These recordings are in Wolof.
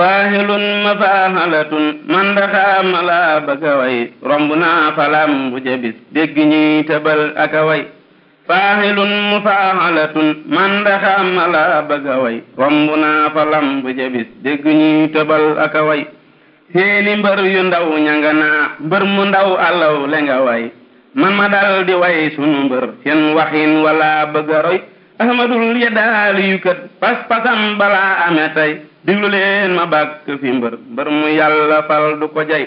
faahilun mafaahalatun man daxaa malaab aka way romb naa falam bu jabis dégg ñuy tëbal aka way faahilun mufaahalatun man daxaa malaab aka way romb naa falam bu jabis dégg ñuy tëbal aka way seeni mbër yu ndaw ñanga mbër mu ndaw alaw le nga way man ma dal di way sunu mbër seen waxin wala bëgga roy ahmadul yeddaali yu kët pas pasam balaa amee tey diglu leen ma bàkk fi mbër mbër mu yàlla fal du ko jay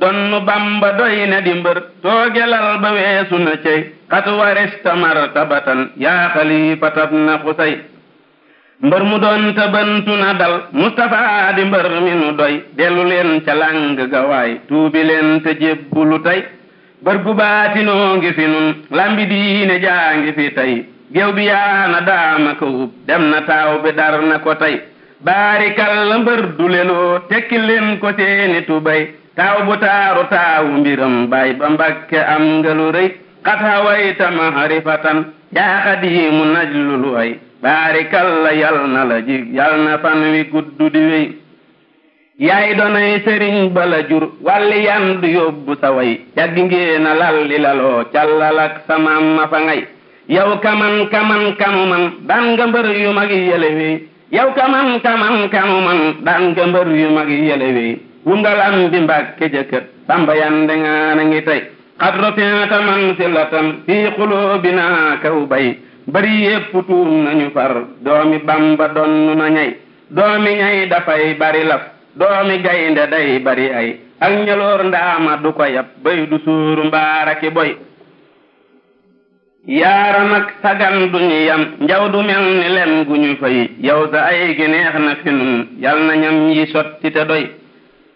donnu bamba doy ne di mbër toogelal ba weesu na cey xat warista martabatan yaa xalifatab na xusay mbër mu doon ta bantu na dal mustafa di mbër mi nu doy dellu leen ca làng gawaay tuubi leen te jébbulu tey bër gu ngi fi nun lambi diine jaa ngi fi tey géew bi yaana daama ko wub dem na taaw bi dar na ko tey baarikal la mbër du leloo tekki leen ko seeni tubay taaw bu taaru taawu mbiram bay ba mbakke am ngalu rëy xat hawayta maharifatan yaa xadiimu najlul way baarikal la yal na la jig yal na fan wi guddu di wey yaay donay sëriñ bala jur walli yandu yóbbu sa way jaggi ngéena lalli laloo callal ak samaam ma fa ngay yow kaman kaman kamu man daan mbër yu mag yi wey yow kaman kaman kamu mbër yu mag yi yële wey wungalam bi mbàkke jëkkër samba yande ngaana ngi tey xad rotinata man si latan fii xulóobina kaw bay bari yépp tuum nañu far doomi bamba donn na ñay doomi ñay dafay bari laf doomi gaynde day bari ay ak ñeloor ndaama du ko yab bay du suuru mbaaraki boy yaara nag sagal duñu yam njaw du mel ni lem gu ñu fay yow sa ay gi neex na fi nun yal na ñam yi sotti te doy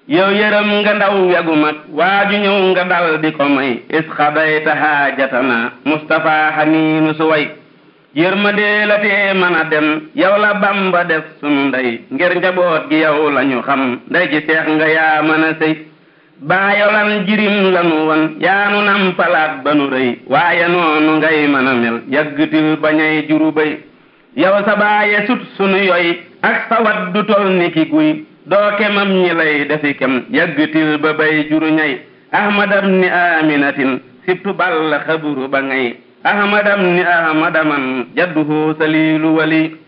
yow yërëm nga ndaw wegu mag waa ju ñëw nga dal di ko may isxadayta haajatana Mustafa xamiinu su way yërmande la tee mën a dem yow la Bamba def sunu ndey ngir njaboot gi yow lañu xam ndey ji seex nga yaa mën a sëy baayolan jirim lanu won yaanu nam palaat ba nu rëy waaye noonu ngay mën a mel yàggtil bañay juru bay yow sa baaye sut sunu yoy ak sa wat du tol ni ki guy doo kemam ñi lay defi kem yàggtil ba bay juru ñay ahmadam ni aminatin sibtu balla xaburu ba ngay ahmadam ni ahmadaman jadduhu saliilu wali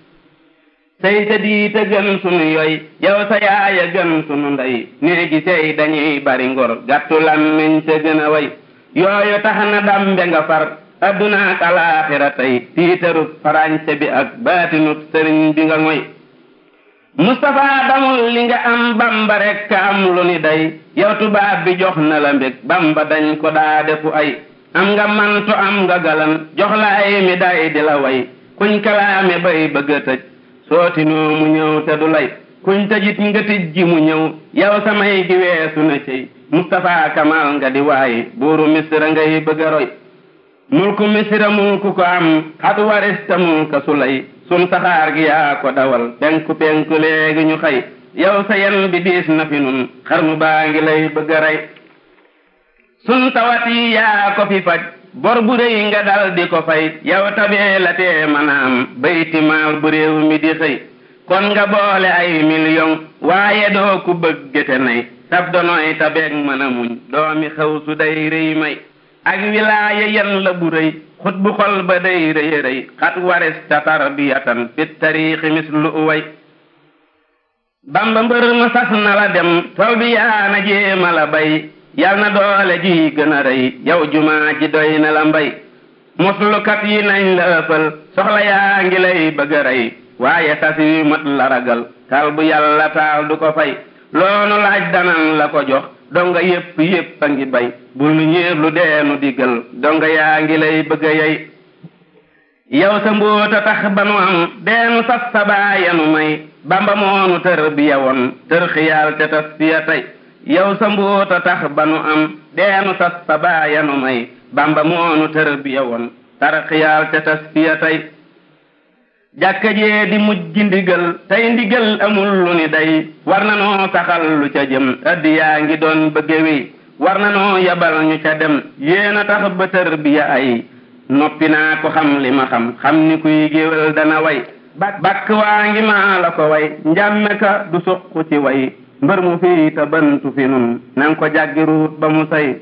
say sëddi te gën sunu yoy yow sa yaay a gën sunu ndey néegi sey dañuy bari ngor gàttu làmmiñ te gën a way yooyu tax na dambe nga far adduna ak alaaxira tey tiitarub farañse bi ak baatinub sëriñ bi nga ngoy Mustafa damul li nga am Bamba rekk ka am lu ni day yow tubaab bi jox na la mbég Bamba dañ ko daa defu ay am nga mantu am nga galan jox la ay mi day di la way kuñ kalaame bay bëgga tëj sootinoo mu ñëw te du lay kuñ tëjit nga tëj ji mu ñëw yow samay gi weesu na cey Mustapha Kamal nga di waaye buuru Misra ngay bëgg roy mulku Misra mu ku ko am xatu warista mu ka sulay sun saxaar gi yaa ko dawal penku penku léegi ñu xay yow sa yen bi diis na fi nun xar mu baa ngi lay bëgg a sunu yaa ko fi faj bor bu rëy nga dal ko fay yow tabee la tee maanaam bayti maal bu réew mi di xëy kon nga boole ay million waaye doo ku bëggate nay tab donoy tabeeg mën a muñ doomi xaw su day rëy may ak wilaaya yan la bu rëy xut bu xol ba day rëy rëy xat waris ta tarbiyatan fi tariixi mis lu uway bamba mbër ma sas na la dem tool bi yaa bay yal na doole ji gën a rëy jaw jumaa ji doy na la mbay muslukat yi nañ la soxla yaa ngi lay bëgg a rey waaye sas yu mat la ragal bu yàlla taal du ko fay loonu laaj danan la ko jox donga yépp yépp a ngi bay bul nu ñéer lu deenu digal donga yaa ngi lay bëgg a yey yow sa mbóota tax ba nu am deenu sas sa baayanu may bamba moonu tër bi yawoon tër xiyaal te tas fiya tey yow sa mboota tax ba nu am deenu sas sa baayanu may bamba moonu tërbiya woon tarxiyaal te tasfiya tey jàkka jee di mujj ndigal tey ndigal amul lu ni day war na noo saxal lu ca jëm addi yaa ngi doon bëgge wi war na noo yabal ñu ca dem yéena tax ba tërbiya ay noppi naa ko xam li ma xam xam ni kuy géwél dana way bakk waa ngi maa la ko way njàmme ka du suq ci way mbër mu fii ta bantu fi nun nan ko jàggi ruut ba mu say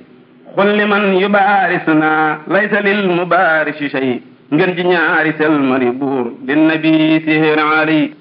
xulli man yubaarisuna mu lil mubaarisi shay ngeen ji ñaari sel mari buur linnabi sihir ali